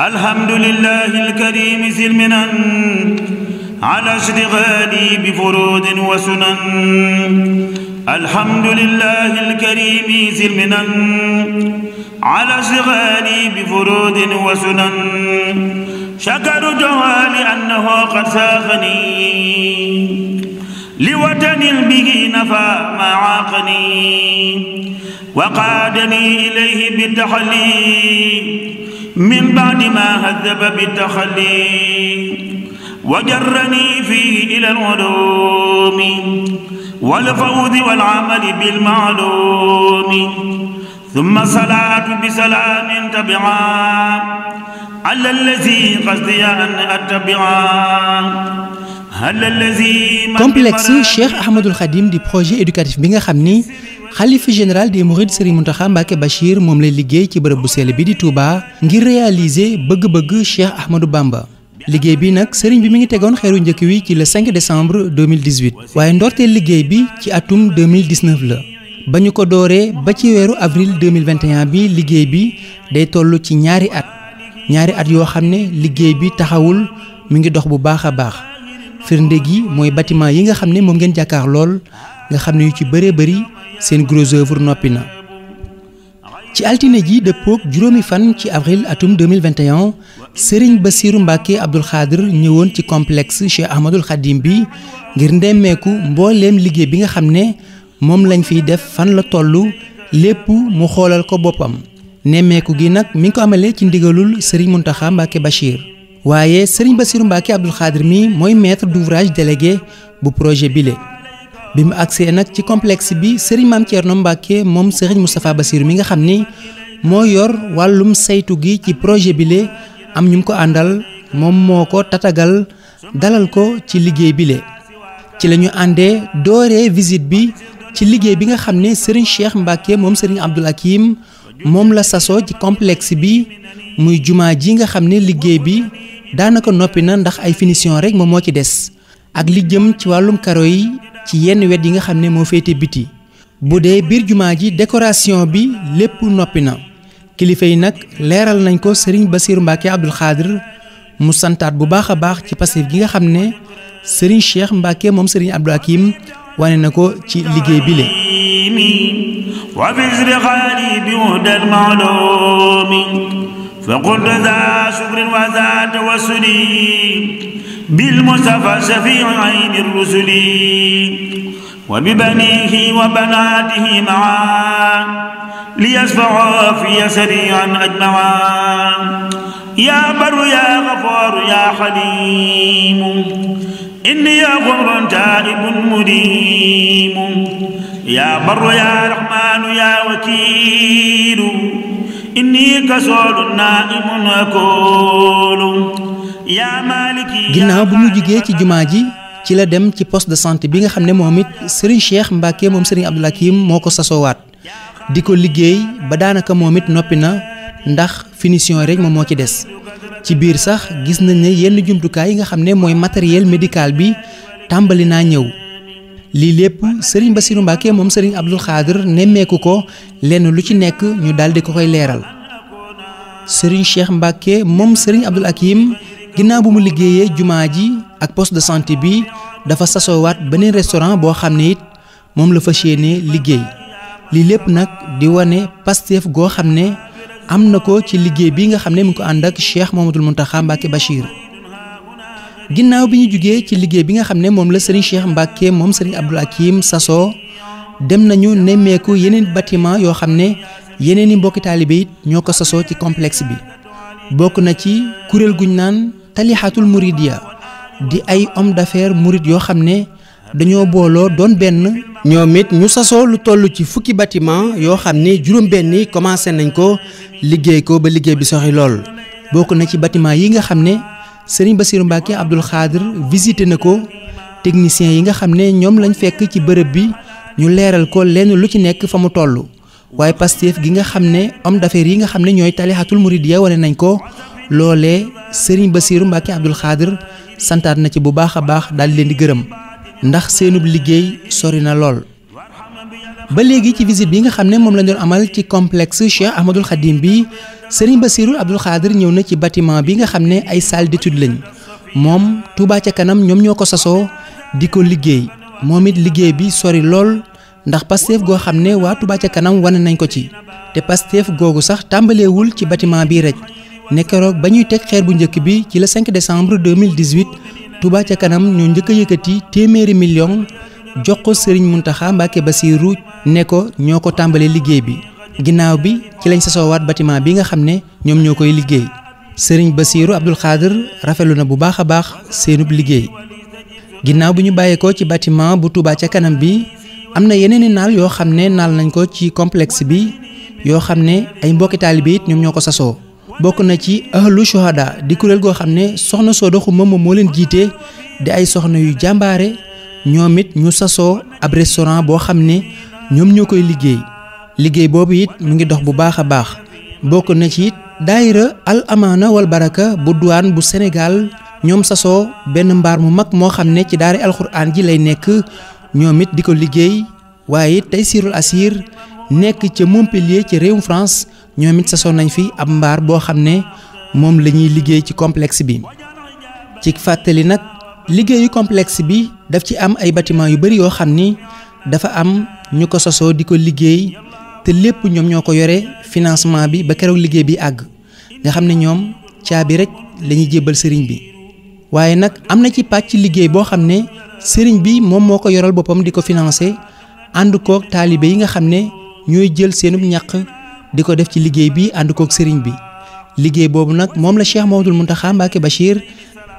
الحمد لله الكريم ذي المنن على اشتغالي بفروض وسنن الحمد لله الكريم ذي المنن على اشتغالي بفروض وسنن شكر جوالي أنه قد ساخني لوطن به نفى ما عاقني وقادني إليه بالتحلي من بعد ما هذب بالتخلي وجرني فيه إلى العلوم والفوز والعمل بالمعلوم ثم صلاة بسلام تبعا على الذي قصدي أن أتبعا complexe Cheikh Ahmadul Khadim di projet éducatif bi nga xam ni xalifa général di Mourides Serigne Mountakha Mbacké Bachir moom lay liggéey ci bërëb bu sell bi di Touba ngir réaliser bëgg-bëgg Cheikh Ahmadou Bamba. liggéey bi nag sëriñ bi mu ngi tegoon xeeru njëkk wi ci le 5 décembre 2018 waaye ndorteel liggéey bi ci atum 2019 la ba ñu ko dooree ba ci weeru avril 2021 bi liggéey bi day toll ci ñaari at ñaari at yoo xam ne liggéey bi taxawul mu ngi dox bu baax a baax. firnde gi mooy bâtiment yi nga xam ne moom ngeen jàkkaar nga xam ne yu ci bëree bëri seen gros noppi na ci altine ji dëppoog juróomi fan ci avril atum 2021 Serigne Bassirou Mbacké Abdoul Khadr ñëwoon ci complexe Cheikh Ahmadoul Khadim bi ngir ndemmeeku mbooleem liggéey bi nga xam ne moom lañ fiy def fan la toll lépp mu xoolal ko boppam nemmeeku gi nag mi ngi ko amalee ci ndigalul Serigne Mountakha Mbacké Bachir waaye sëriñ Bassirou Mbacké Abdoul Khadir mi mooy maître d'ouvrage délégué bu projet bile bi mu agsee nag ci complexe bi sëriñ Maam Thierno Mbacké moom sëriñ Moustapha Bassirou mi nga xam ni moo yor wàllum saytu gi ci projet bile am ñu ko àndal moom moo ko tatagal dalal ko ci liggéey bile ci la ñu àndee dooree visite bi ci liggéey bi nga xam ne sëriñ Cheikh Mbacké moom sëriñ Abdoul Hakim moom la sasoo ci complexe bi muy jumaa ji nga xam ne liggéey bi daanaka noppi na ndax ay finition rek moom moo ci des ak li jëm ci wàllum karo yi ci yenn wet yi nga xam ne moo féete biti bu dee biir jumaa ji décoration bi lépp noppi na kilifa yi nag leeral nañ ko sëriñ Bassirou Mbacke Abdoul Khadir mu santaat bu baax a baax ci passif gi nga xam ne sëriñ Cheikh Mbacke moom sëriñ Abdou Hakim wane na ko ci liggéey bi le فقلت ذا شكر وذا توسل بالمصطفى شفيع عين الرسل وببنيه وبناته معا ليشفعا في سريعا اجمعا يا بر يا غفار يا حليم اني غر تائب مديم يا بر يا رحمن يا وكيل ginnaaw bu mu jugee ci jumaa ji ci la dem ci poste de santé bi nga xam ne moom it sëriñ Cheikh Mbacke moom sëriñ Abdoul Hakim moo ko sasoowaat di ko liggéey ba daanaka moom it noppi na ndax finition rek moom moo ci des ci biir sax gis nañ ne yenn jumtukaay yi nga xam ne mooy matériel médical bi tàmbali naa ñëw. lii lépp sëriñ Bassirou Mbacke moom sëriñ Abdoul Khadir nemmeeku ko lenn lu ci nekk ñu daal di ko koy leeral sëriñ Cheikh Mbacke moom sëriñ Abdoul Hakim ginnaaw bu mu liggéeyee jumaa ji ak poste de santé bi dafa sasowaat beneen restaurant boo xam ne it moom la fas ne liggéey lii lépp nag di wane Pastef goo xam ne am na ko ci liggéey bi nga xam ne mu ngi ko ànd ak Cheikh Mouhamadoul Mountakha Mbacke Bachir. ginnaaw bi ñu jugee ci liggéey bi nga xam ne moom la sëriñ Cheikh Mbacke moom sëriñ Abdoul Hakim sasoo dem nañu nemmeeku yeneen batiment yoo xam ne yeneen i mbokki taalibe it ñoo ko sasoo ci complexe bi bokk na ci kuréel guñ naan talixatul muridiya di ay homme d'affaires murid yoo xam ne dañoo booloo doon benn ñoom it ñu sasoo lu toll ci fukki batiment yoo xam ne juróom benn yi commencé nañ ko liggéey ko ba liggéey bi soxi lool bokk na ci bâtiment yi nga xam ne sëriñ Bassirou Mbacke Abdoul Khadr visité na ko techniciens yi nga xam ne ñoom lañu fekk ci bërëb bi ñu leeral ko lenn lu ci nekk fa mu toll waaye Pastef gi nga xam ne homme d'affaires yi nga xam ne ñooy talihatul muridiyya wane nañ ko loolee sëriñ Bassirou Mbacke Abdoul Khadr santaat na ci bu baax a baax dal di leen di gërëm ndax seenub liggéey sori na lool. ba léegi ci visite bi nga xam ne moom lañ doon amal ci complexe Cheikh Ahmadul Khadim bi sëriñ Bassirou Abdoul Khadir ñëw na ci bâtiment bi nga xam ne ay salle d'étude lañ moom Touba ca kanam ñoom ñoo ko sasoo di ko liggéey moom it liggéey bi sori lool ndax Pastef goo xam ne waa Touba ca kanam wane nañ ko ci te Pastef googu sax tàmbaleewul ci bâtiment bi rek ne keroog ba ñuy teg xeer bu njëkk bi ci le 5 décembre 2018 Touba ca kanam ñoo njëkk a yëkkati téeméeri million jox ko sëriñ Mountakha Mbacké Bassirou ne ko ñoo ko tàmbalee liggéey bi. ginnaaw bi ci lañ waat bâtiment bi nga xam ne ñoom ñoo koy liggéey sëriñ Basiiru Abdul Xaadir rafetlu na bu baax a baax seenub liggéey ginnaaw bi ñu bàyyeekoo ci bâtiment bu Touba ca kanam bi am na yeneen i naal yoo xam ne naal nañ ko ci complexe bi yoo xam ne ay mbokki taalibe it ñoom ñoo ko sasoo bokk na ci ahlu shuhada di kuréel goo xam ne soxna soo doxu moom moo leen jiite di ay soxna yu jàmbaare ñoom it ñu sasoo ab restaurant boo xam ne ñoom ñoo koy liggéey liggéey boobu it mu ngi dox bu baax a baax bokk na ci it daayira al amaana wal baraka bu duwaan bu Sénégal ñoom sasoo benn mbaar mu mag moo xam ne ci daari alxuraan ji lay nekk ñoom it di ko liggéey waaye it Taysirul Asir nekk ca Montpellier ci réewum France ñoom it sasoo nañ fi ab mbaar boo xam ne moom la ñuy liggéey ci complexe bi ci fàttali nag liggéeyu complexe bi daf ci am ay bâtiment yu bari yoo xam ni dafa am ñu ko sasoo di ko liggéey te lépp ñoom ñoo ko yore financement bi ba keroog liggéey bi àgg nga xam ne ñoom caabi rek lañuy jébbal sëriñ bi waaye nag am na ci pàcc liggéey boo xam ne sëriñ bi moom moo ko yoral boppam di ko financé ànd koog taalibe yi nga xam ne ñooy jël seenub ñaq di ko def ci liggéey bi ànd kook sëriñ bi liggéey boobu nag moom la Cheikh Mawdul Muntaxa Mbacke Bachir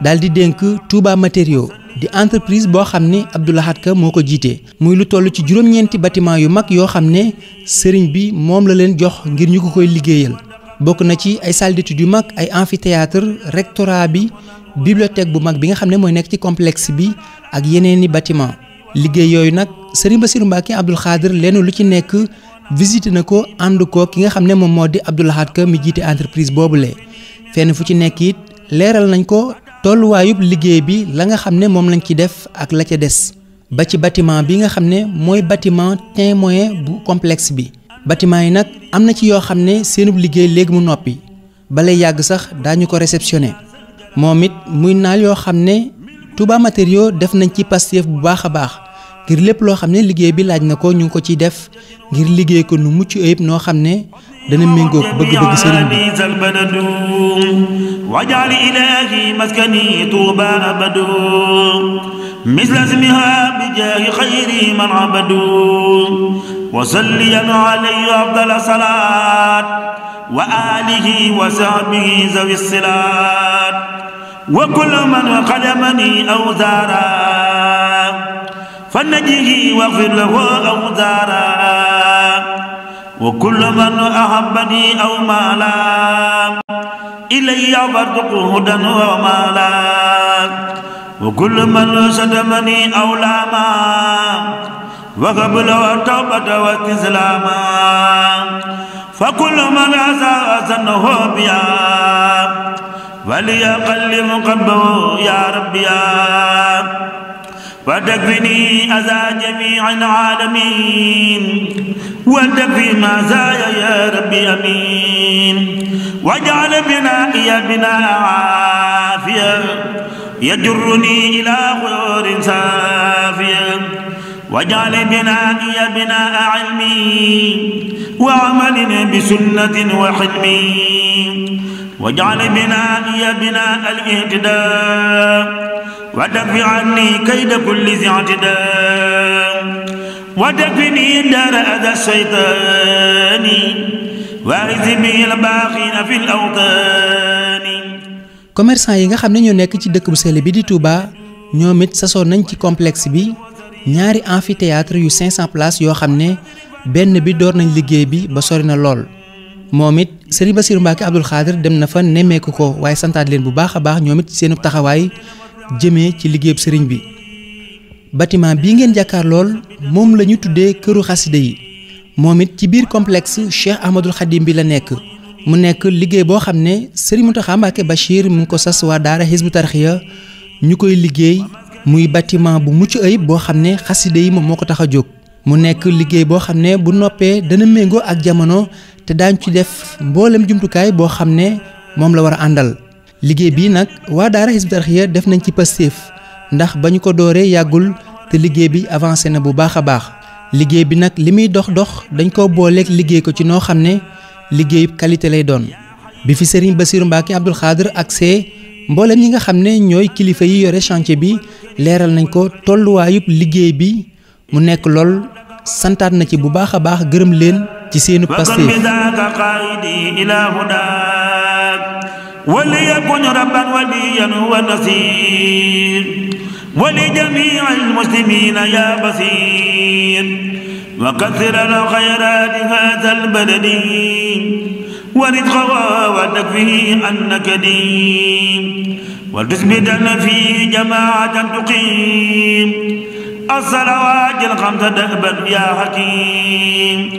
daal di dénk Touba Matériaux di entreprise boo xam ne Abdou Lahad Ka moo ko jiite muy lu toll ci juróom-ñeenti bâtiment yu mag yoo xam ne sëriñ bi moom la leen jox ngir ñu ko koy liggéeyal bokk na ci ay salle yu mag ay amphithéâtre rectorat bi bibliothèque bu mag bi nga xam ne mooy nekk ci complexe bi ak yeneen i bâtiment liggéey yooyu nag sëriñ Bassirou Mbacké Abdoul Khadr lenn lu ci nekk visité na ko ànd ko ki nga xam ne moom moo di Abdou Lahad Ka mi jiite entreprise boobule fenn fu ci nekk it leeral nañ ko tolluwaayub liggéey bi la nga xam ne moom lañ ci def ak la ca des ba ci bâtiment bi nga xam ne mooy bâtiment témoin bu complexe bi bâtiment yi nag am na ci yoo xam ne seenub liggéey léegi mu noppi bala yàgg sax daañu ko réceptionné moom it muy naal yoo xam ne Touba matério def nañ ci Pastef bu baax a baax ngir lépp loo xam ne liggéey bi laaj na ko ñu ngi ko ciy def ngir liggéey ko nu mucc ayib noo xam ne dana méngóog bëgg-bëgg sëriñ bi wajal ilahi maskani tuuba abadu misla smiha bi jaahi xayri man abadu wa salliyan alayhi afdala salaat wa alihi wa sahbihi zawi silaat wa kullu man xadamani aw zaara فنجيه واغفر له أوزارا وكل من أحبني أو مالا إلي فارزقه هدى ومالا وكل من شتمني أو لاما وهب له التوبة واستسلاما فكل من أساء سنه بيا وليقلب قلبه يا ربي يا وتكفني أذى جميع العالمين وتكفي مزايا يا ربي أمين واجعل بنائي بناء عافية يجرني إلى غير سافية واجعل بنائي بناء علمي وعمل بسنة وحلمي واجعل بنائي بناء الاهتداء ودفع عني كيد كل ذي اعتداء ودفني دار أذى الشيطان وأعز به الباقين في الأوطان commerçant yi nga xam ne ñoo nekk ci dëkk bu sell bi di Touba ñoom it sasoon nañ ci complexe bi ñaari amphithéâtre yu 500 place yoo xam ne benn bi door nañ liggéey bi ba sori na lool moom it Serigne Bassirou Mbacké Abdoul Khadr dem na fa nemmeeku ko waaye santaat leen bu baax a baax ñoom it seenu taxawaay jëmee ci liggéeyub sëriñ bi batiment bii ngeen jàkkaar lool moom la ñu tuddee këru xasida yi moom it ci biir complexe Cheikh Ahmadul Xadim bi la nekk mu nekk liggéey boo xam ne sëriñ Mountakha Mbacké Bachir mu ngi ko sas waa daara Hizbut Tarqiyyah ñu koy liggéey muy bâtiment bu mucc ayib boo xam ne xasida yi moom moo ko tax a jóg mu nekk liggéey boo xam ne bu noppee dana méngoo ak jamono te daañ ci def mboolem jumtukaay boo xam ne moom la war a àndal liggéey bii nag waa daara Hizbut Tarqiyyah def nañ ci Pastef ndax ba ñu ko dooree yàggul te liggéey bi avancé na bu baax a baax liggéey bi nag li muy dox dox dañ ko booleek liggéey ko ci noo xam ne liggéey qualité lay doon bi fi Serigne Bassirou Mbacké Abdoul Khadr ak see mboolem ñi nga xam ne ñooy kilifa yi yore chantier bi leeral nañ ko tolluwaayub liggéey bi mu nekk lool santaat na ci bu baax a baax gërëm leen ci seenu Pastef وليكن ربا وليا ونصير ولجميع المسلمين يا بصير وكثر الخيرات هذا البلد ورزقها وتكفيه أنك دين وتثبتن فيه جماعة تقيم الصلوات الخمس دأبا يا حكيم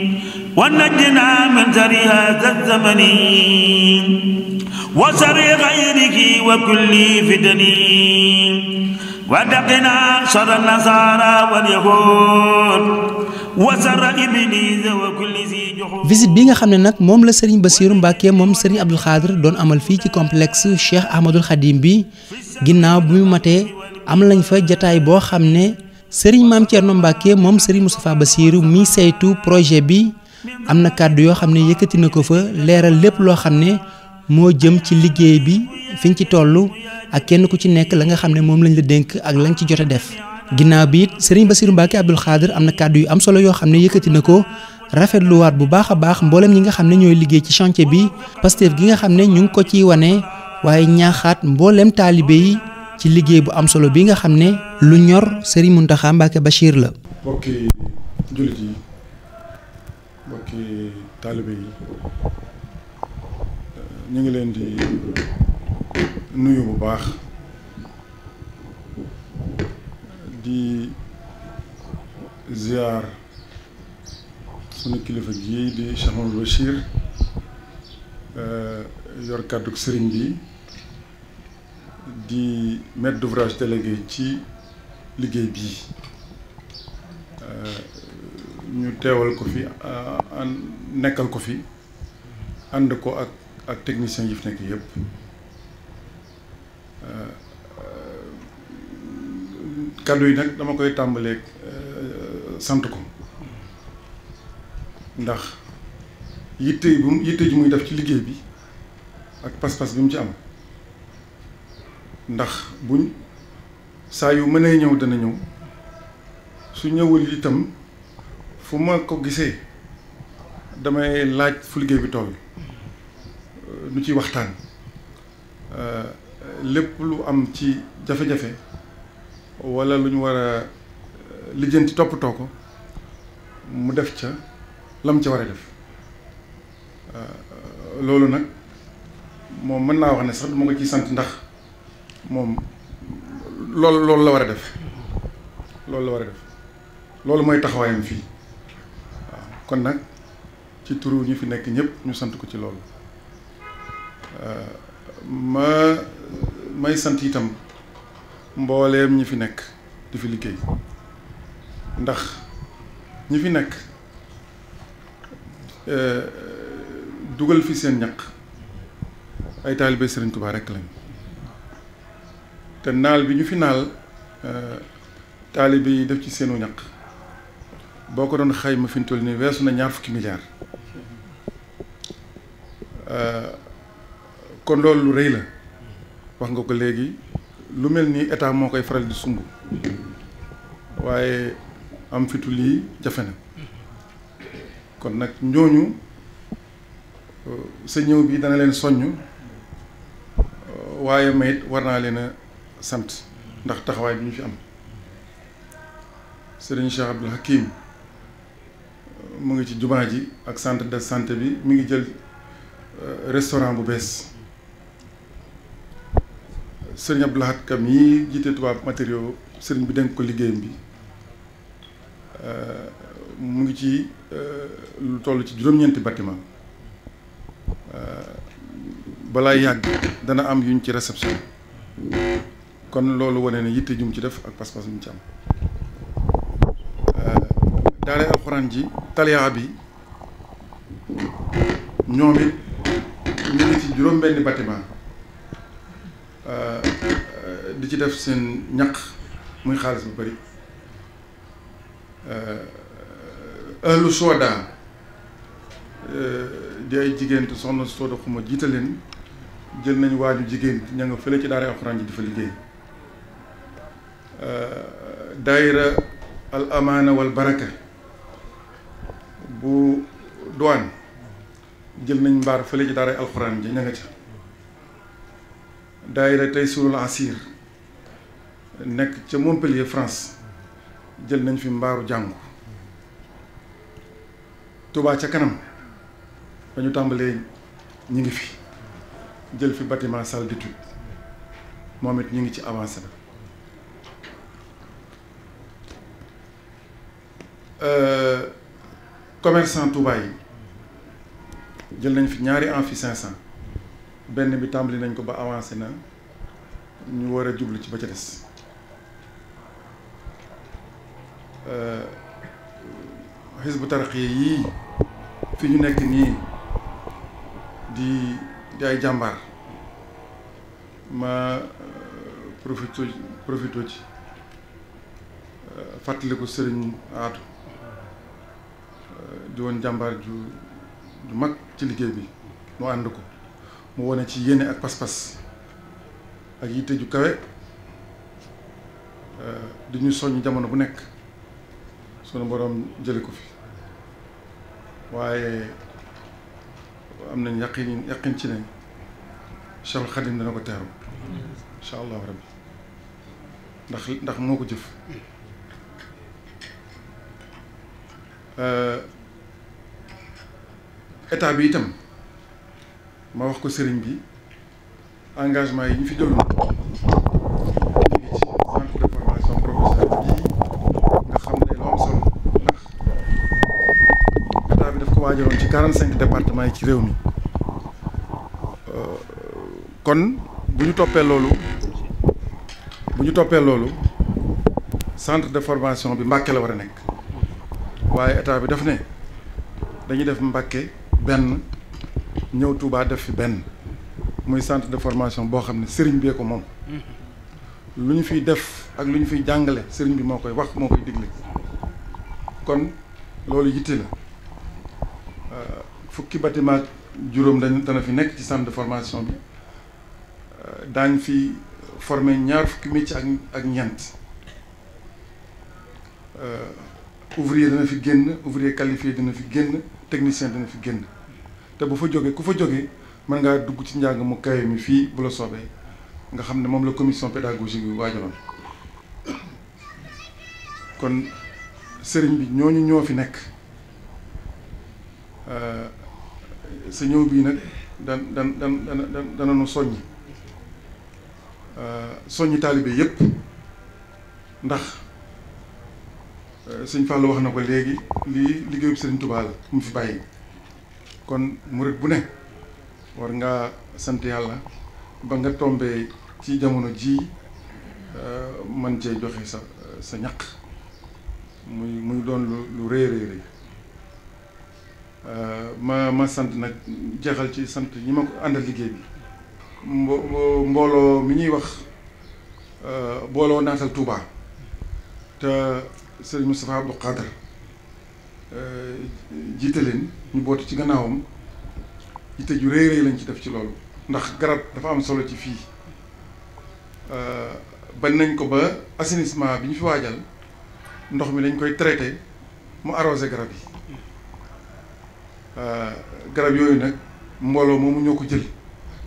ونجنا من سر هذا الزمن وسر غيره وكل فتن ودقنا شر النصارى واليهود visite bi nga xam ne nag moom la sëriñ Bassirou Mbacké moom Serigne Abdoul Khadr doon amal fii ci complex Cheikh Ahmadoul Khadim bi ginnaaw bi mu matee am lañ fa jataay boo xam ne Serigne Mame Thierno Mbacké moom Serigne Moustapha Bassirou mi saytu projet bi am na kàddu yoo xam ne yëkkati na ko fa leeral lépp loo xam ne moo jëm ci liggéey bi fiñ ci toll ak kenn ku ci nekk la nga xam ne moom lañ la dénk ak lañ ci jot def. ginnaaw bi it sëriñ Bassirou Mbacké Abdoul Khadir am na kàddu yu am solo yoo xam ne yëkkati na ko rafetluwaat bu baax a baax mbooleem ñi nga xam ne ñooy liggéey ci chantier bi Pastef gi nga xam ne ñu ngi ko ciy wane waaye ñaaxaat mbooleem taalibe yi ci liggéey bu am solo bi nga xam ne lu ñor sëriñ Mountakha Mbacké Bachir la. taalibe yi euh, ñu ngi leen di nuyu bu baax di ziar sunu kilifa gi di Cheikh Mamadou Bachir euh, yor kàddu sëriñ bi di maître d'ouvrage délégué ci liggéey bii euh, ñu teewal ko fi nekkal ko fi ànd ko ak ak technicien yi fi nekk yëpp euh, euh, kàddu yi nag dama koy tàmbaleeg euh, sant ko ndax yitte bi mu yitte yi muy def ci liggéey bi ak pas-pas bi mu ci am ndax buñ saa yu mënee ñëw dana ñëw su ñëwul itam. fu ma ko gisee damay laaj fu liggéey bi toll euh, nu ciy waxtaan euh, lépp lu am ci jafe-jafe walla lu ñu war a euh, lijjanti toppatoo ko mu def ca lam ca war a def loolu nag moom mën naa wax ne sax duma ko ciy sant ndax moom loolu loolu la war a def loolu la war a def loolu mooy taxawaayam fii kon nag ci turu ñi fi nekk ñëpp ñu sant ko ci loolu euh, ma may sant itam mbooleem ñi fi nekk di fi liggéey ndax ñi fi nekk euh, dugal fi seen ñaq ay taalibe Sëriñ Tuubaa rekk lañ te naal bi ñu fi naal euh, taalibe yi def ci seenu ñaq boo ko doon xayma fi ñu toll nii weesu na ñaar fukki milliards euh, kon loolu lu rëy la wax nga ko léegi lu mel nii état moo koy faral di sumb waaye am fitu lii jafe na kon nag ñooñu euh, sa ñëw bi dana leen soññ waaye mayit war naa leen a sant ndax taxawaay bi ñu fi am Serigne Cheikh Abdoul Hakim mu ngi ci jumaa ji ak centre de santé bi mi ngi jël euh, restaurant bu bees sëriñ Abdou Lahad Kam yi jiite tubaab matériaux sëriñ bi dénk ko liggéeyam bi euh, mu ngi ci euh, lu toll ci juróom-ñeenti bâtiment balaa yàgg dana am yuñ ci réception kon loolu wane ne yitte jum ci def ak pas-pas yuñ ci am daara alxuraan ji taliyaa bi ñoom it ñu ngi ci juróom-benni bâtiment euh, di ci def seen ñaq muy xaalis bu bari ëllu euh, sooda euh, di ay jigéen te soxna sooda xuma leen jël nañu waaju jigéen ña nga fële ci daara alxuraan ji di fa liggéey daayira al amaana wal baraka bu douane jël nañ mbaar fële ci daaray alxuraan ji ña nga ca daayira tey surul asir nekk ca Montpellier France jël nañ fi mbaaru jàngu tubaa ca kanam ba ñu tàmbalee ñi ngi fi jël fi bâtiment salle d'étude moom it ñi ngi ci avancé commerçant Touba yi jël nañ fi ñaari amphi 500 benn bi tàmbali nañ ko ba avancé na ñu war a jublu ci ba ca des xisbu euh, tarqiya yii fi ñu nekk nii di di ay jàmbaar ma euh, profito profito ci euh, fàttaliku sëriñ aatu di woon jàmbaar ju ju mag ci liggéey bi mu ànd ko mu wone ci yéene ak pas-pas ak yitte ju kawe euh, di ñu soññ jamono bu nekk sunu boroom jële ko fi waaye am nañ yaqin yaqin ci ne Cheikhul Khadim dana ko teeru incha allahu rabbi ndax ndax moo ko jëf Euh, état bi itam ma wax ko sëriñ bi engagement yi ñu fi jëloon ñu ngi nga xam ne lu am solo ndax bi daf ko waajaloon ci quarante cinq départements yi ci réew mi euh, kon bu ñu toppee loolu bu ñu toppee loolu centre de formation bi Mbàkke la war a nekk. waaye état bi daf ne dañuy def Mbàkke benn ñëw Touba def fi benn muy centre de formation boo xam ne sëriñ bee ko moom lu ñu fiy def ak lu ñu fiy jàngale sëriñ bi moo koy wax moo koy digle kon loolu yitte la fukki bâtiment juróom dañ dana fi nekk ci centre de formation bi daañ fi formé ñaar fukki métier ak ak ñeent ouvrier dana fi génn ouvrier qualifié dina fi génn technicien dana fi génn te bu fa jógee ku fa jógee mën ngaa dugg ci njàng mu kawe mi fii bu la soobee nga xam ne moom la commission pédagogique bi waajaloon kon sëriñ bi ñooñu ñoo fi nekk euh, sa ñëw bii nag dan dan dan dana dana nu soññi euh, soññi taalibe yépp ndax Euh, sëñ Fallou wax na ko léegi lii liggéeyub sëriñ Touba la mu fi bàyyi kon murit bu ne war nga sant yàlla ba nga tombee ci jamono ji euh, man cee joxe sa sa ñaq muy muy doon lu lu rëy rëy rëy euh, ma ma sant nag jeexal ci sant ñi ma ko àndal liggéey bi mbooloo mi ñuy wax booloo naatal Touba te sëriñ Moustapha Abdou Khadr euh, jiite leen ñu boote ci gannaawam jiite ju réy rëy lañ ci def ci loolu ndax garab dafa am solo ci fii euh, bañ nañ ko ba assainissement bi ñu fi waajal ndox mi dañ koy traité mu arrosé garab yi euh, garab yooyu nag mbooloo moomu ñoo ko jël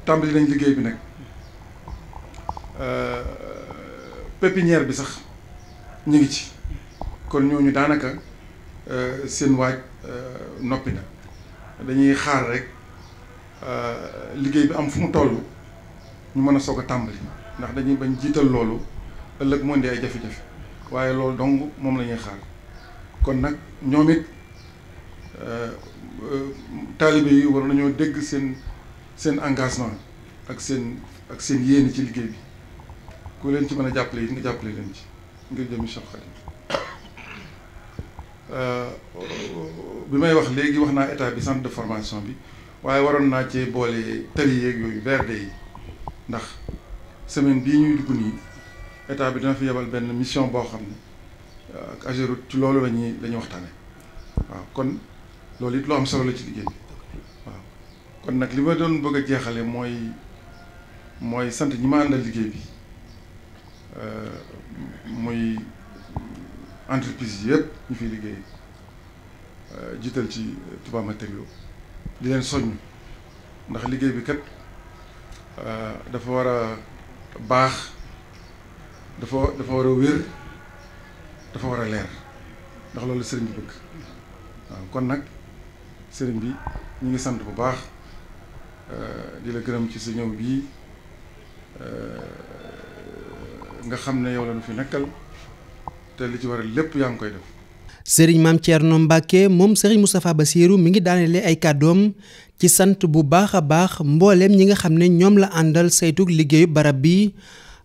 tàmbali nañ liggéey bi nag pépinière bi sax ñu ngi ci kon ñooñu daanaka euh, seen waaj euh, noppi na dañuy xaar rek euh, liggéey bi am fu mu toll ñu mën a soog a tàmbali ndax dañuy bañ jiital loolu ëllëg mu indi ay jafe-jafe waaye loolu dong moom lañuy ñuy xaar kon nag ñoom it taalibe yi war nañoo dégg seen seen engagement ak seen ak seen yéen ci liggéey bi ku leen ci mën a jàppale yi nga jàppale leen ci ngir jëmi Cheikh Khadim Euh, bi may wax léegi wax naa état bi centre de formation bi waaye waroon naa cee boolee tali yeeg yooyu verde yi ndax semaine bii ñuy dugg nii état bi dina fi yebal benn mission boo xam ne ak euh, Ageroute ci loolu la ñuy waxtaane waaw kon loolu it loo am solo ci liggéey bi waaw kon nag li ma doon bëgg a jeexale mooy mooy sant ñi ma àndal liggéey bi euh, muy. entreprise yëpp ñu fiy liggéey euh, jiital ci Touba Matériaux di leen soññ ndax liggéey bi kat euh, dafa war a baax dafa dafa war a wér dafa war a leer ndax loolu sëriñ bi bëgg waaw kon nag sëriñ bi ñu ngi sant bu baax euh, di la gërëm ci sa ñëw bii nga xam ne yow la nu fi nekkal. lépp yaa ngi koy sëriñ maam Thierno Mbacke moom sëriñ Moustapha Bassirou mi ngi daanale ay kàddoom ci sant bu baax a baax mbooleem ñi nga xam ne ñoom la àndal saytug liggéeyu barab bi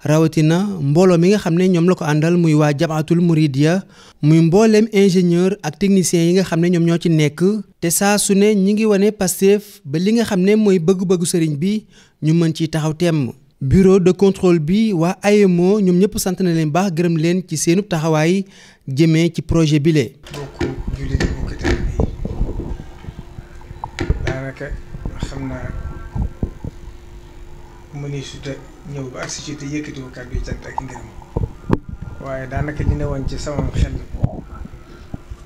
rawatina mbooloo mi nga xam ne ñoom la ko àndal muy waa jamaatul Mouridia muy mbooleem ingénieur ak technicien yi nga xam ne ñoom ñoo ci nekk. te saa su ne ñi ngi wane Pastef ba li nga xam ne mooy bëgg-bëggu sëriñ bi ñu mën ciy taxaw temm. bureau de controle bi waa AEMO ñoom ñëpp sant na leen baax gërëm leen ci seenu taxawaay jëmee ci projet bi lee daanaka xam naa mu ni su te ñëw ba agsi ci te yëkkatiwu kàddu yi cant ak ngërëm waaye daanaka li ne woon ci sama xel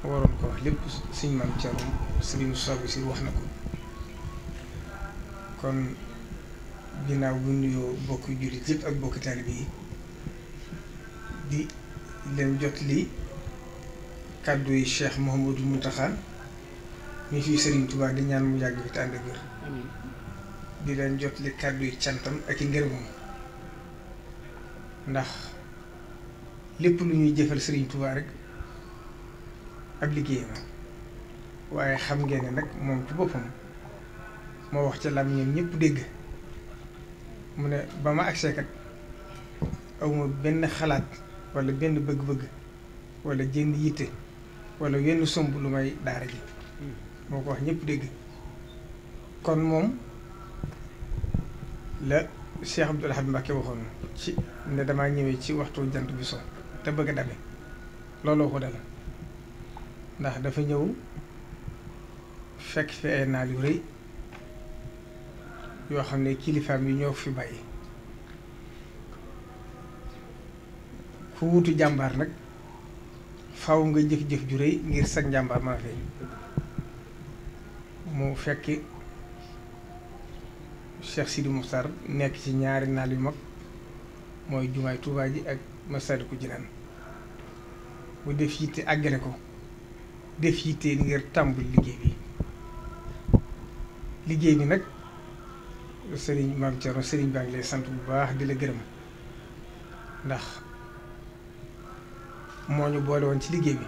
waroon ko wax lépp suñ maam Thierno Serigne si wax na ko kon. ginnaaw bu nuyoo bokk jullit yëpp ak bokk taalibe yi di leen jot li kàddu yi Cheikh Mouhamadou Mountakha ñu fi sëriñ Touba di ñaan mu yàgg fi te ànd di leen jot li kàddu yi cantam ak i ngërëmam ndax lépp lu ñuy jëfal sëriñ Touba rek ab liggéeyam waaye xam ngeen ne nag moom ci boppam moo wax ca lam ñoom ñëpp dégg. mu ne ba ma agsee awma benn xalaat walla benn bëgg-bëgg walla jenn yitte wala yenn somb lu may daara ji moo ko wax ñëpp dégg kon moom la Cheikh Abdoul Ahad Mbacké waxoon ci ne damaa ñëwee ci waxtu jant bi so te bëgg a dame looloo ko dal ndax dafa ñëw fekk fi ay naal yu rëy yoo xam ne kilifaam yi ñoo fi bàyyi ku wutu jàmbaar nag faw nga jëf-jëf ju rëy ngir sag njàmbaar mën a feeñ mu fekki Cheikh Sidi Mokhtar nekk ci ñaari naal yu mag mooy jumaay Tuubaa ji ak Masaliku Jinaan bu def yitte àggale ko def yitte ngir tàmbul liggéey bi liggéey bi nag sëriñ maam Thierno sëriñ baa ngi lay sant bu baax di la gërëm ndax moo ñu boole woon ci liggéey bi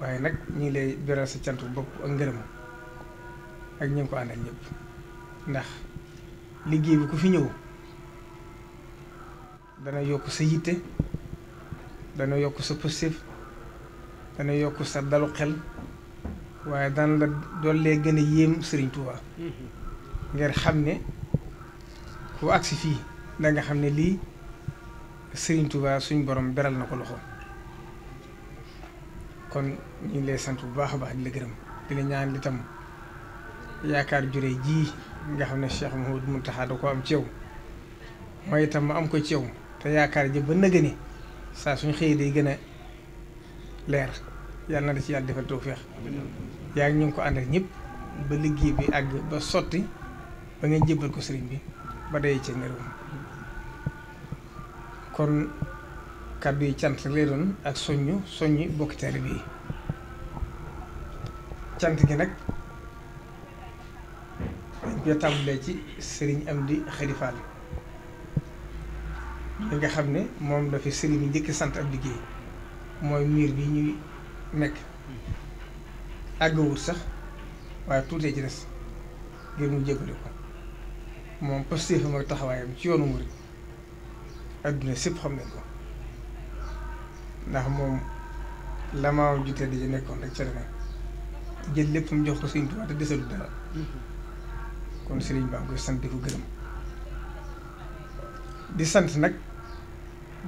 waaye nag ñu ngi lay beral sa cant bopp ak ngërëm ak ñu ko àndal ñëpp ndax liggéey bi ku fi ñëw dana yokk sa yitte dana yokk sa positif dana yokk sa dalu xel waaye daan la doole gën a yéem Sëriñ Tuubaa mm-hmm. ngir xam ne ku agsi fii danga xam ne lii Sëriñ Tuubaa suñ boroom beral na ko loxo kon ñu ngi lay sant bu baax a baax di la gënam di la ñaan itam yaakaar jure ji nga xam ne Cheikh Mouhamadou Mountakha da ko am ci yow mooy itam ma am ko ci yow te yaakaar ji ba nëgë ni saa suñ xëyee day gën a leer yàlla na da ci yàlla defal tawfeex yaa ngi ñu ngi ko ànd ak ñëpp ba liggéey bi àgg ba sotti ba ngeen jébbal ko sëriñ bi ba day ci ngërëm kon kàddu yi cant lay doon ak soññu soññu bokki taalibe bi cant gi nag dañ koy ci sëriñ Amdi Khady Fall li nga xam ne moom dafa sëriñ bi njëkk sant ab liggéey mooy miir bi ñuy nekk àggawut sax waaye tuutee ci des ngir mu jéggale ko moom pastéefam ak taxawaayam ci yoonu murit àdduna sépp xam nañ ko ndax moom la maam ju nekkoon rek ca la jël lépp mu jox ko Sëriñ Tuubaa te desalu dara kon Sëriñ baa ngi koy sant di ko gërëm di sant nag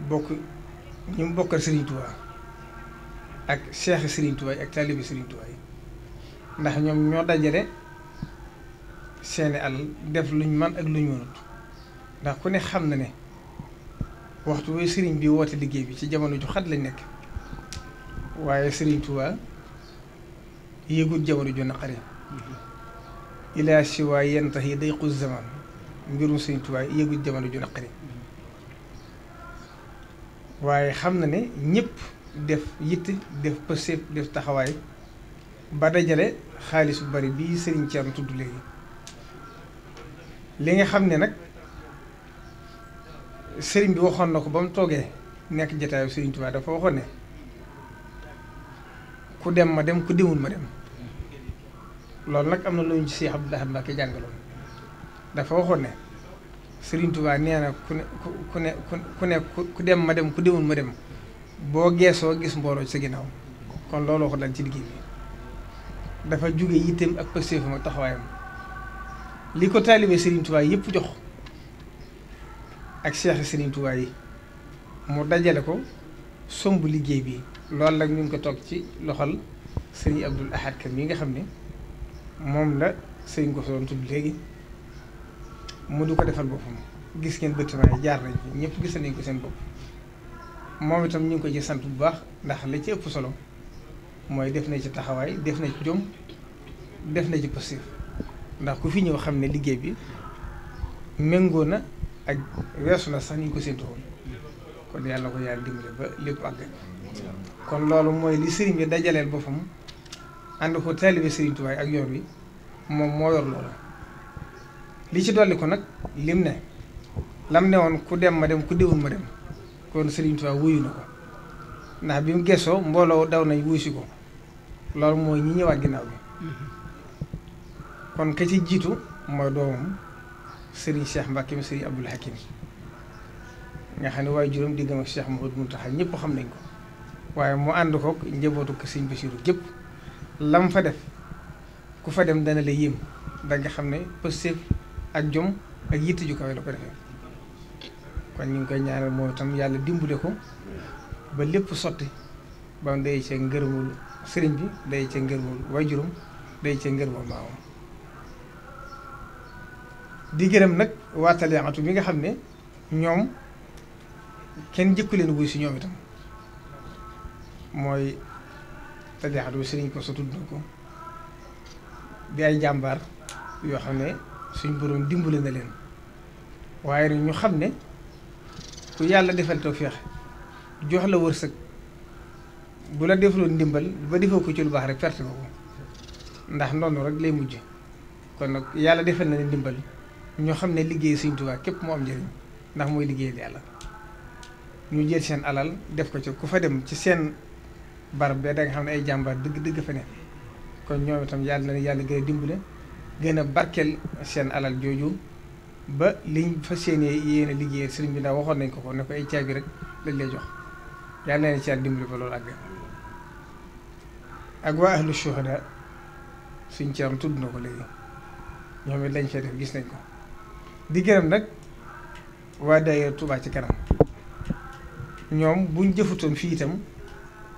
bokk ñu mu bokkal Sëriñ Tuubaa ak seexi Sëriñ Tuubaa ak taalibi Sëriñ Tuubaa ndax ñoom ñoo dajale seeni alal def luñ man ak luñ mënut ndax ku ne xam na ne waxtu wi sëriñ bi woote liggéey bi ci jamono ju xat lañu nekk waaye sëriñ Tuubaa yëgul jamono ju naqari mhm. ilaa si waa yi day xus zaman mbirum sëriñ Tuubaa jamono ju naqari mhm. waaye xam na ne ñépp def yitt def pësëb def taxawaay ba dajale xaalis bu bari bi sëriñ Thierno tudd léegi li nga xam ne nag sëriñ bi waxoon na ko ba mu toogee nekk jataayu sëriñ Tuubaa dafa waxoon ne ku dem ma dem ku demul ma dem loolu nag am na lu ci Cheikh Abdoul Ahad jàngaloon dafa waxoon ne sëriñ nee na ku ne ku ne ku ne ku dem ma dem ku demul ma dem boo geesoo gis mbooloo ci sa kon loolu wax dal ci liggéey bi dafa jóge yitteem ak pëstéefam ak taxawaayam li ko taalibe Serigne Touba yëpp jox ak seex Serigne Touba yi mu dajale ko somb liggéey bi lool nag ñu ngi ko toog ci loxol Serigne Abdoul Ahad Ka mi nga xam ne moom la Serigne ko doon tudd léegi mu du ko defal boppam gis ngeen bâtiment yi jaar nañ fi ñëpp gis nañ ko seen bopp moom itam ñu ngi ko ci sant bu baax ndax la ci ëpp solo mooy def nañ ci taxawaay def nañ ci jom def na ci positif. ndax ku fi ñëw xam ne liggéey bi méngoo na ak weesu na sax ni ñu ko séntu woon kon yàlla ko yàlla dimbale ba lépp àgg kon loolu mooy li sëriñ bi dajaleel boppam ànd ko taalibe sëriñ Tuubaa ak yoon wi moom moo yor loolu li ci dolli ko nag lim ne lam ne woon ku dem ma dem ku déwul ma dem kon sëriñ Tuubaa wuyu na ko ndax bi mu gesoo mbooloo daw nañ wuyu si ko loolu mooy ñi ñëwaat ginnaaw bi kon ka ci jiitu mooy doomam Serigne Cheikh Mbacke mi Serigne Abdoul Hakim nga xam ne waaye juróom diggam ak Cheikh Mouhamadou Mountakha ñëpp xam nañ ko waaye mu ànd ko njabootu ko Serigne Bassirou gépp fa def ku fa dem dana la yéem xam ne pëstéef jom ak yitte ju ko kon ñu ngi koy ñaanal moom itam yàlla dimbale ko lépp sotti ba day ca ngërëmul sëriñ bi day ca ngërëmul juróom day ca ngërëmul maamam di gërëm nag waa Talyaxatu bi nga xam ne ñoom kenn jëkku leen wuy si ñoom itam mooy Talyaxatu bi sëriñ ko sa tudd na ko di ay jàmbaar yoo xam ne suñ boroom dimbale na leen waaye nag ñu xam ne ku yàlla defal feex jox la wërsëg bu la defaloon ndimbal ba defoo ko ci lu baax rek perte ko ko ndax noonu rek lay mujj kon nag yàlla defal na ne ndimbal ñoo xam ne liggéey Sëriñ Tuubaa képp moo am njëriñ ndax mooy liggéeyal yàlla ñu jël seen alal def ko ci ku fa dem ci seen barab be da xam ne ay jàmbaar dëgg-dëgg fa ne kon ñoom itam yàlla na yàlla gën a dimbale gën a barkeel seen alal jooju ba liñ fa seen yéen a liggéeyal bi ndax waxoon nañ ko ko ne ko rek lañ lay jox yàlla na ci yàlla dimbale ba loolu àgg ak waa ahlu shuhada suñ ceeram tudd na ko léegi ñoom it lañ fee def gis nañ ko di gërëm nag waa daayira Touba ci kanam ñoom buñ jëfutoon fii itam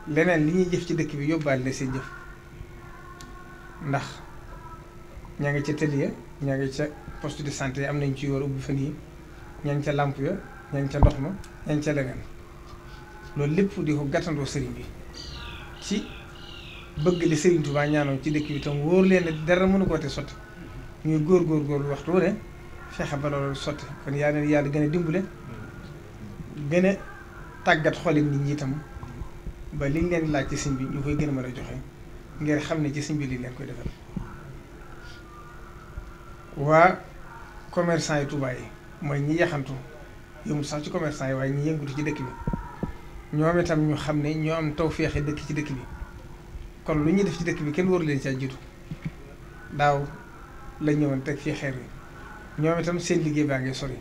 leneen li ñuy jëf ci dëkk bi yóbbaale na seen jëf ndax ñaa ngi ca tëliya ñaa ngi ca poste de santé am nañ ci war ubbi fan yi ngi ca làmp ya ñaa ndox ma ñaa ngi leneen loolu lépp di ko gàttandoo sëriñ bi ci bëgg li sëriñ Touba ñaanoon ci dëkk bi tam wóor leen dara mënu ko te sotti ñuy góor góor góorlu waxtu ne fexe ba loolu sotti kon yaa neen yàlla gën a dimbale tàggat xooli nit ñi itam ba liñ leen laaj ci sëñ bi ñu koy gën a mën a joxe ngeen xam ne ci sëñ bi liñ leen koy defal waa commerçant yi Touba mooy ñi yaxantu yëngu sax ci commerçant yi waaye ñi yëngutu ci dëkk bi ñoom itam ñu xam ne ñoo am taw feexe dëkk ci dëkk bi kon lu ñuy def ci dëkk bi kenn waru leen caa jiitu daaw la ñëwoon teg fii xeer yi ñoom itam seen liggéey baa ngi sori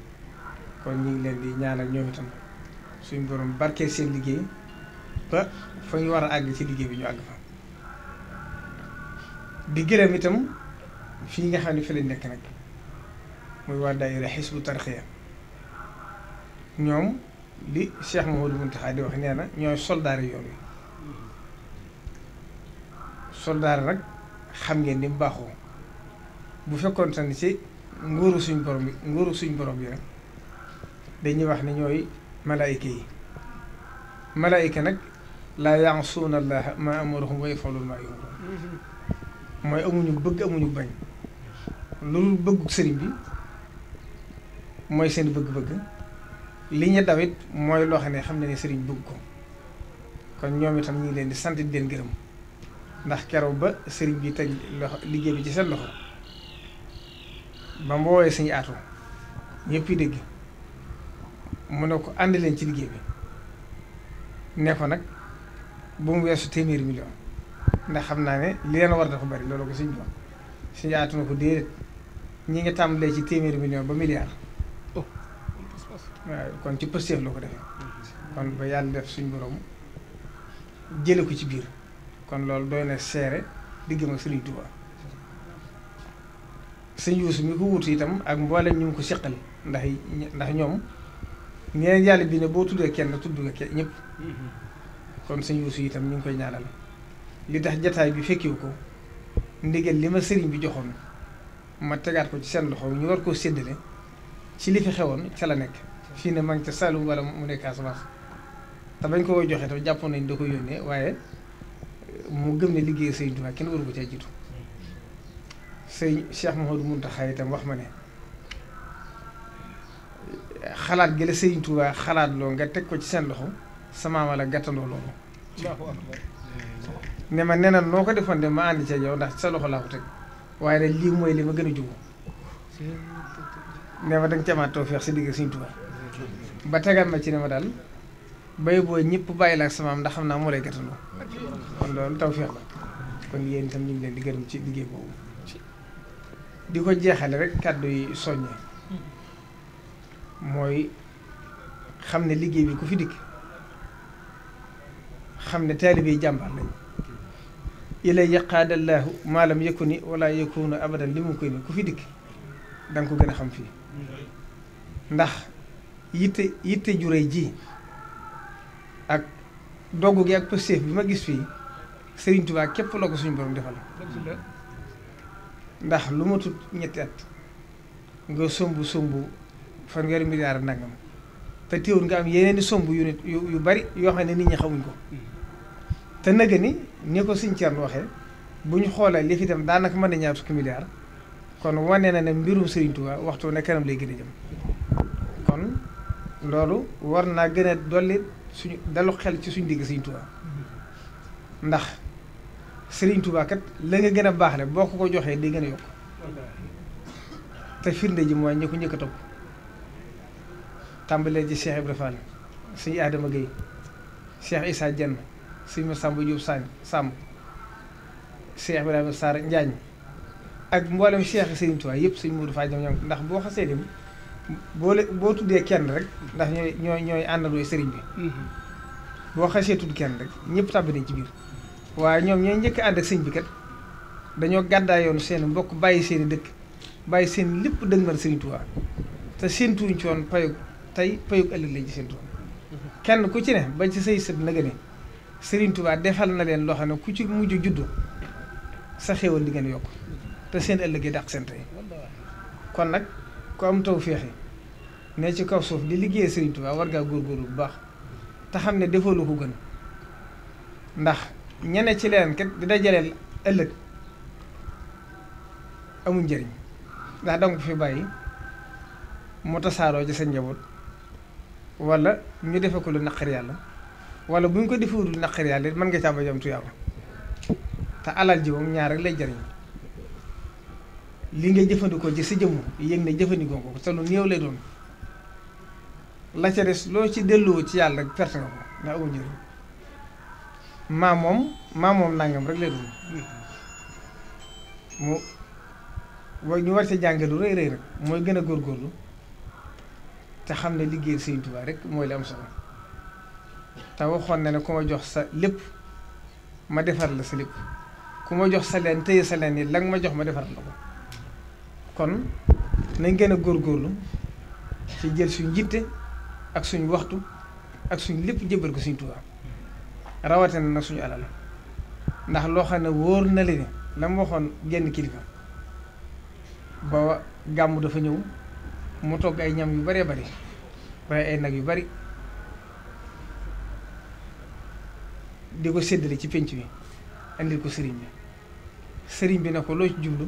kon ñu ngi leen di ñaanal ñoom itam suñu borom barkee seen liggéey ba fa ñu war a àgg ci liggéey bi ñu àgg fa di gërëm itam fii nga xam ne fi lañ nekk nag muy waa daayira Hizbut Tarqiyyah ñoom li Cheikh Mouhamadou Mountakha di wax nee na ñooy soldaari yoon wi soldaari nag xam ngeen ni mu baaxoo bu fekkoon tan ci nguuru suñ borom bi nguuru suñ borom bi nag dañuy wax ne ñooy malaayika yi malaayika nag laa yaasuuna allaha ma amarahum wa yafaluuna maa yumaruun mooy amuñu bëgg amuñu bañ loolu bëggu sëriñ bi mooy seen bëgg-bëgg li ñu dawit mooy loo ne xam na ne sëriñ bëgg ko kon ñoom itam ñu ngi leen di sant di leen gërëm ndax keroog ba sëriñ bi teg loxo liggéey bi ci seen loxo ba mu woowee suñu aatu ñëpp yi dégg mu ne ko ànd leen ci liggéey bi ne ko nag bu mu su téeméeri million ndax xam naa ne leen war dafa bari loolu ko suñ doon suñu aatu na ko déedéet ñi nga tàmbalee ci téeméeri million ba milliard oh, waaw kon ci pësteef loo ko defee kon ba yàlla def suñ borom jële ko ci biir kon loolu doy na seere diggam ak Sëriñ Tuubaa sëñ Yuusu mi ko wut itam ak mboolem ñu ngi ko seqal ndax ndax ñoom ñeneen yàlla bi ne boo tuddee kenn tudd nga kenn ñëpp mm-hmm. kon sëñ Yuusu itam ñu ngi koy ñaanal li tax jataay bi fekkiwu ko ndigal li ma sëriñ bi joxoon ma tegaat ko ci seen loxo ñu war koo séddale ci li fi xewoon ca la nekk fii ne maa ca Saloum wala mu nekk Casamance te bañ ko koy joxee tam jàppoon nañ da ko yónnee waaye mu gëm ne liggéey sëriñ Tuubaa kenn waru ko caa jiitu sëñ Cheikh Mouhamadou Mountakha tam wax ma ne xalaat gi la sëñ Touba xalaat loo nga teg ko ci seen loxo sama maama la gàttandoo loolu. ne ma nenan noo ko defoon de ma ànd ci yow ndax sa loxo laa teg waaye nag lii mooy li ma gën a jubóo ne ma danga camaat tawfeex si digg sëñ Touba ba tegal ma ci ne daal bay boo ñëpp bàyyi la ak samaam ndax xam naa moo lay gàttandoo kon loolu tawfeex la kon yéen itam ñu ngi leen di gërëm ci liggéey boobu. di ko jeexale rek kàddu yi soññe mooy xam ne liggéey bi ku fi dikk xam ne taalibe yi jàmbaar lañ ilay yaqaadallaahu maalam yëkku ni wala yëkkunu abadan li mu koy ni ku fi dikk da ko gën a xam fii ndax yitte yitte juréy ji ak dogg gi ak pëstéef bi ma gis fii Sëriñ Tuubaa képp la ko suñu borom defal ndax lu ma tut ñetti at nga somb somb fanweeri milliard nangam te teewul nga am yeneen i somb yu nit yu bari yoo xam ne nit ñi xamuñ ko te naga ni ni ko Sëñ Thierno waxee bu ñu xoolee li fi dem daanaka mën na ñaar fukki milliard kon wane na ne mbirum Serigne Touba waxtu ne kanam lay gën a jëm kon loolu war naa gën a dolli suñu dalu xel ci suñu digg Serigne Touba ndax Serigne Touba kat nga gën a baax ne boo ko ko joxee day gën a yokk te firnde ji mooy ñi ko njëkk a topp tàmbalee ji Cheikh Ibrahima Fall suñu Adama Gueye Cheikh Issa Dieng suñu Massamba Diouf Sane Samb Cheikh Ibrahima ak mboolem Cheikh Serigne Touba yëpp suñu Mourou Fall ñoom ndax boo xasee dem boo le boo tuddee kenn rek ndax ñooy ñooy ñooy àndandoo Serigne bi mm-hmm. boo xasee tudd kenn rek ñëpp tàbbi nañ ci biir. waa ñoom ñooy njëkk ànd ak sëñ bi kat dañoo gàddaayoon seeni mbokk bàyyi seen i dëkk bàyyi seen lépp dëgmal sëriñ Tuubaa te seen tuuñ ci payug tey payug ëllëg lañ ci seen tuuñ kenn ku ci ne ba ci say sët nag ne sëriñ Tuubaa defal na leen loo ne ku ci mujj juddu sa xéewal di ngeen yokk te seen ëllëg yi dàq seen tey kon nag ku am taw féexe ne ci kaw suuf di liggéey sëriñ Tuubaa war góor góorgóorlu bu baax te xam ne defoo lu ko gën ndax. ñene ci leen kat di dajaleel ëllëg amul njëriñ ndax danga ko fi bàyyi mu tasaaroo ci sa njaboot wala ñu defe ko lu naqar yàlla wala bu ñu ko defee lu naqar yàlla mën nga caa ba tuyaaba te alal ji moom ñaar rek lay jariñ li nga jëfandikoo ci si jëmm yëg na jëfandikoo ko te lu néew lay doon la ca des loo ci delloo ci yàlla perte nga ko ndax amul njëriñ maa maamoom nangam rek la dund mu boo ñu war ci jànge lu rëy rëy rek mooy gën a góorgóorlu te xam ne liggéey Sëriñ Tuubaa rek mooy li am solo te waxoon na ne ku ma jox sa lépp ma defar la sa lépp ku ma jox sa leen téye sa leen yi la ma jox ma defar la ko kon nañ gën a góor góorlu ci jël suñ jitte ak suñ waxtu ak suñ lépp jëbal ko Sëriñ Tuubaa rawatina na suñu alal ndax loo xam ne wóor na leen la mu waxoon genn kilifa ba gàmm dafa ñëw mu togg ay ñam yu baree bari waaye ay nag yu bari di ko séddale ci pénc bi indil ko sëriñ bi sëriñ bi ne ko loo ci jublu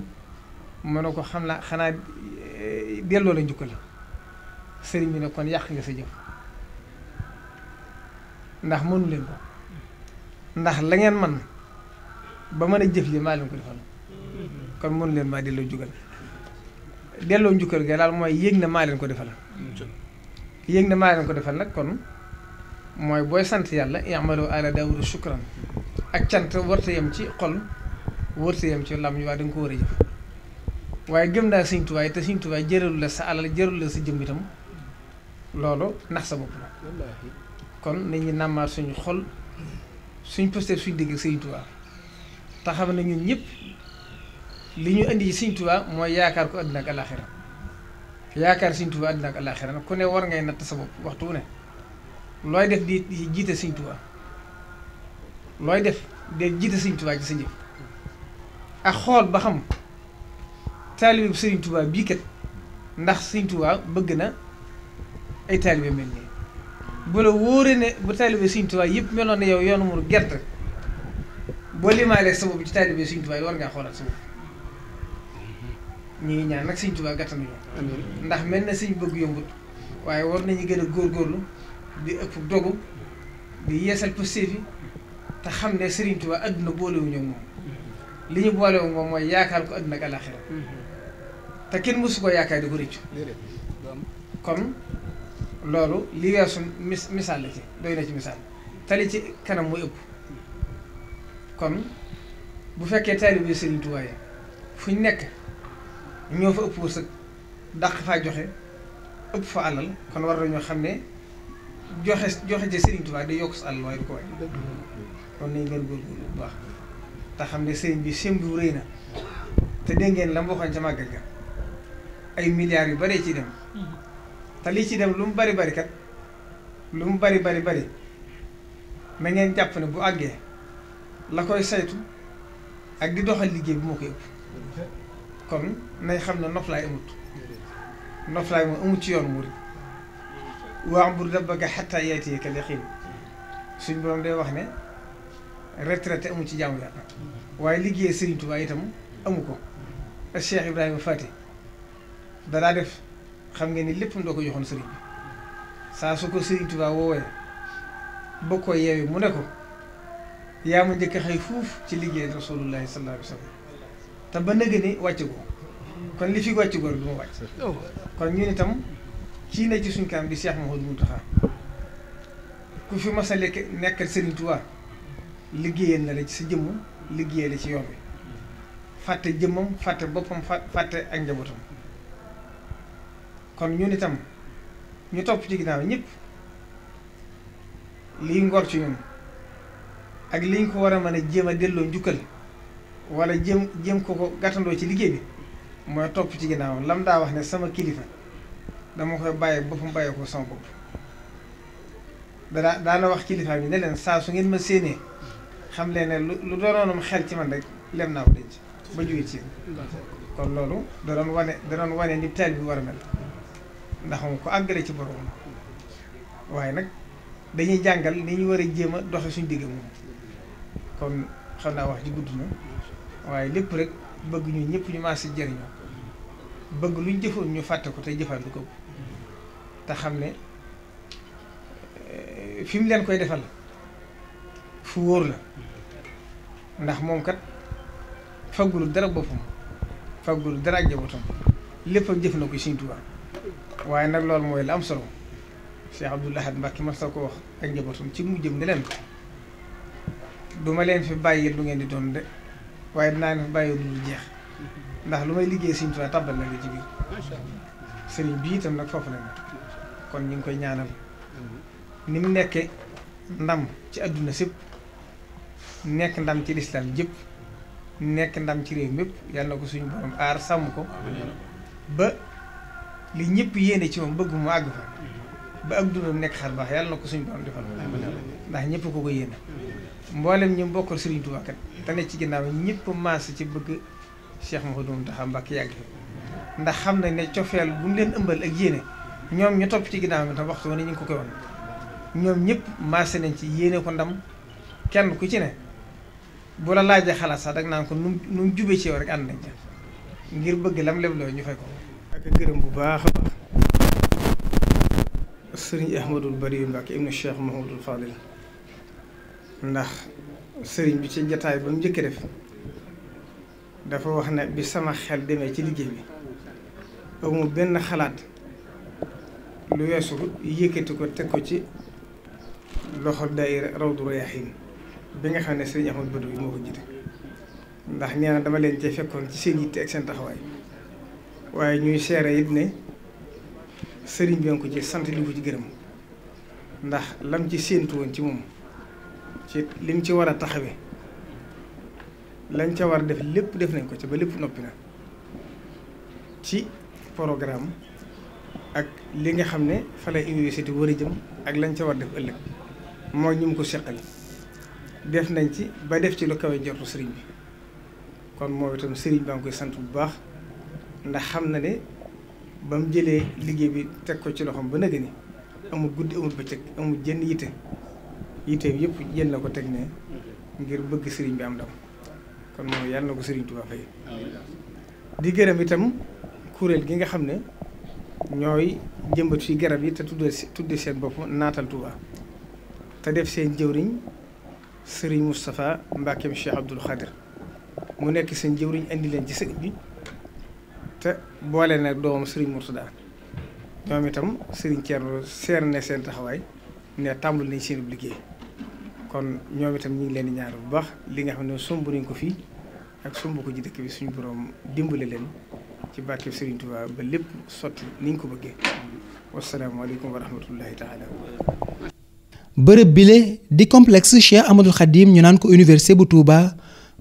mu ne ko xam naa xanaa eh, delloo la njukkal sëriñ bi ne kon yàq nga sa jëf ndax mënu ko ndax la ngeen man ba mën a jëf li maa leen ko defal kon mënu leen maa delloo jugal delloo njukkal ga daal mooy yéeg na maa leen ko defal yéeg na maa leen ko defal nag kon mooy booy sant yàlla i'malu ala Daawuda shukran ak cant warta yem ci xol warta yem ci lam ñu waa da ko war a jëf waaye gëm naa Sëñ Tuubaa te Sëñ Tuubaa jëralu la sa alal jëralu la sa jëm itam loolu nax sa bopp la kon nit ñi nàmmaat suñu xol suñ posté suñ dégg Sëriñ Tuubaa te xam ne ñun ñëpp li ñu indi ci Sëriñ Tuubaa mooy yaakaar ko àddina ak àllaaxira yaakaar Sëriñ Tuubaa àddina ak àllaaxira nag ku ne war ngay natt sa bopp waxtu ne looy def di jiite Sëriñ Tuubaa looy def de jiite Sëriñ Tuubaa ci sa xool ba xam taalibe Sëriñ Tuubaa bii kat ndax Sëriñ Tuubaa bëgg na ay taalibe mel nii bu la wóoree ne bu taalibe Sëriñ Tuubaa yëpp meloon na yow yoonu mu gerte boo limaalee sa bopp ci taalibe Sëriñ Tuubaa yi war ngaa xoolaat sa bopp ngi ñaan nag Sëriñ Tuubaa gàttal ñu ndax mel na siñ bëgg yombut waaye war nañu gën a góor góorlu di ëpp dogu di yeesal pëstéef te xam ne Sëriñ Tuubaa àdduna boolewuñu moom li ñu boolewu moom mooy yaakaar ko àdduna ak alaaxira mm-hmm. te kenn mësu ko yaakaar di ko rëccu loolu li weesu mis misaal la ci doy na ci misaal tali ci kanam mooy ëpp kon bu fekkee taalibe Sëriñ Tuubaa fu nekk ñoo fa ëpp wërsëg dàq faa joxe ëpp fa alal kon war ñoo xam ne joxe joxe ci Sëriñ Tuubaa day yokk sa alal waaye du ko waay kon nañ ngeen góorgóorlu bu baax te xam ne sëriñ bi sëmb bu rëy na te dégg ngeen la mu waxoon ca màggal ga ay milliards yu baree ci dem te lii ci dem lu mu bari bari kat lu mu bari bari bari ma ngeen jàpp ne bu àggee la koy saytu ak di doxal liggéey bi moo koy ëpp kon nañ xam ne noflaay amut noflaay moom amut ci yoon murid wa'bud rabbaka hattaa ya'tiyakal yaqiin suñ boroom day wax ne retraité amu ci jaamu Yàlla waaye liggéey Sëriñ Tuubaa itam amu ko Cheikh Ibrahima Fati danaa def xam nga ni lépp doo ko joxoon sëriñ bi saa su ko sëriñ Tuubaa woowee boo yeewee mu ne ko yaa ma njëkk xëy fuuf ci liggéey rasulullahi sallallahu alayhi wa sallam te ba nëgg ni wàcc ko kon li fi wàcc ko du ma wàcc kon ñun itam kii ne ci suñ kanam di Cheikh Mouhamadou Mountakha ku fi mas a lekk nekkal sëriñ Tuubaa liggéeyal na la ci sa jëmm liggéeyal ci yoon bi fàtte jëmmam fàtte boppam fàtte ak njabootam kon ñun itam ñu topp ci ginnaaw ñëpp lii ngor ci ñun ak liñ ko war a mën a jéem a delloo njukkal wala jéem jéem ko ko gàttandoo ci liggéey bi mooy topp ci ginnaaw lam daa wax ne sama kilifa dama koy bàyyi boppam bàyyi ko sama bopp danaa daana wax kilifa bi ne leen saa su ngeen ma séenee xam leen ne lu lu doonoonum xel ci man rek lem naa ko ci yéen kon loolu da doon wane da doon wane ni bi war a mel ndax moom ko àggale ci borom waaye nag dañuy jàngal ni ñu war a jéem a doxe suñ digg moom kon xam naa wax ji gudd na waaye lépp rek bëgg ñu ñëpp ñu maas si jëriñoo bëgg luñ jëfoon ñu fàtte ko tey jëfandu ko te xam ne eh, fi leen koy defal fu wóor la ndax moom kat faggulu dara boppam faggulu dara ak njabootam lépp ak jëf na ko Sëriñ Tuubaa waaye nag loolu mooy la am solo Cheikh Abdoul Ahad Mbacké mas na ko wax ak njabootam ci mu jëm leen du leen fi lu ngeen di doon de waaye dinaa leen fi lu dul jeex liggéey Sëriñ Tuubaa tàbbal na la ci biir nag foofu la ne koy ñaanal ni mu nekkee ndam ci àdduna sépp nekk ndam ci lislaam jëpp nekk ndam ci réew mépp yàlla na ko suñu borom aar sàmm ko ba li ñëpp yéene ci moom bëgg mu àgg fa ba ak dundam nekk xar baax yàlla na ko suñu borom defal ndax ñëpp ko ko yéene mboolem ñu bokkal Serigne Touba kat te ne ci ginnaaw ñëpp maas ci bëgg Cheikh Mouhamadou Mountakha Mbacké yàgg ndax xam nañ ne cofeel bu leen ëmbal ak yéene ñoom ñu topp ci ginnaaw bi tam waxtu woon ñu ngi ko koy wan ñëpp maase nañ ci yéene ko ndam kenn ku ci ne bu la laajee xalaat sax dag naan ko nu nu mu jubee ci yow rek ànd nañ ca ngir bëgg lam lebloo ñu fay ko. gërëm bu baax a baax sëriñ Ahmadul Bari Mbàkke ibnu Cheikh Mahamadul Fadil ndax sëriñ bi ci jataay ba mu njëkk def dafa wax ne bi sama xel demee ci liggéey bi mu benn xalaat lu weesu yëkkati ko teg ko ci loxo daayira Rawdu Rayaahiin bi nga xam ne sëriñ Ahmadu Badu bi moo ko jiite ndax nee dama leen cee fekkoon ci seen yitte ak seen taxawaay waaye ñuy seere it ne sëriñ bi ko ci sant di ko ci gërëm ndax lam ci séentu woon ci moom ci lim ci war a taxawe lañ ca war def lépp def nañ ko ci ba lépp noppi na ci programme ak li nga xam ne fa la war a jëm ak lañ ca war def ëllëg mooy ñu mu ko seqal def nañ ci ba def ci lu kawe njortu sëriñ bi kon moo itam sëriñ baa ngi koy sant bu baax ndax xam na ne ba mu jëlee liggéey bi teg ko ci loxoom ba nëgë ni amul guddi amul bëccëg amul jënn yite yite bi yëpp jën la ko teg ne ngir bëgg sëriñ bi am ndam kon moom yàlla na ko sëriñ Tuubaa fay di gërëm itam kuréel gi nga xam ne ñooy jëmbët fi garab yi te tuddee seen bopp naatal Tuubaa te def seen jëwriñ sëriñ Moustapha Mbackeem Cheikh Abdoul Khadir mu nekk seen jëwriñ indi leen ci sëriñ bi te boole nag doomam Serigne Mourtada ñoom itam Serigne Thierno seer ne seen taxawaay ne tàmbul nañ seen liggéey kon ñoom itam ñu leen ñaar bu baax li nga xam ne sumb nañ ko fii ak sumb ko ji dëkk bi suñu borom dimbale leen ci barkeb Serigne Touba lépp sotti niñ ko bëggee wasalaamaaleykum wa rahmatullahi taala bërëb bile di complexe Cheikh Ahmadul Khadim ñu naan ko université bu Touba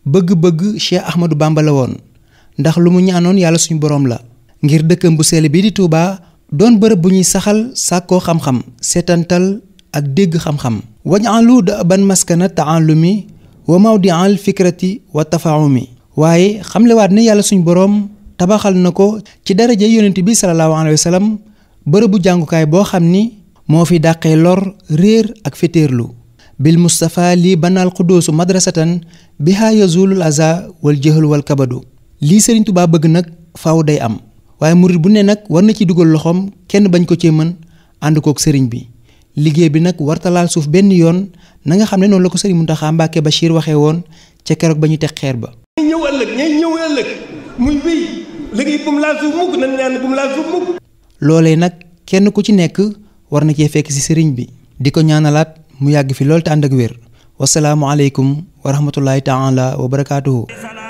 bëgg-bëgg Cheikh Ahmadou Bamba la woon ndax lu mu ñaanoon yàlla suñu boroom la ngir dëkkam bu sell bii di Touba doon bërëb bu ñuy saxal sàkkoo xam-xam seetantal ak dégg xam-xam waj'alu da'ban maskana ta'allumi wa mawdi'al fikrati wa tafahumi waaye xamlewaat ne yàlla suñu boroom tabaxal na ko ci daraja yonent bi sallallahu alayhi wa bërëbu jàngukaay boo xam ni moo fi dàqee lor réer ak fétéerlu bil mustafa lii banaal xuddoosu madrasatan biha yazulul aza wal jëhlu wal kabadu lii Serigne Touba bëgg nag faaw day am waaye murit bu ne nag war na ci dugal loxoom kenn bañ ko cee mën ànd kook sëriñ bi liggéey bi nag war talaal suuf benn yoon nanga xam ne noonu la ko Serigne Mountakha ba Bachir waxe woon ca keroog ba ñu teg xeer ba. ñay ñëw liggéey bu mu laal suuf mukk nañ ñaan bu mu laal suuf mukk. loolee nag kenn ku ci nekk war na cee fekk si sëriñ bi. di ko ñaanalaat mu yàgg fi lool te ànd ak wér wasalaamualeykum wa rahmatullahi taala wa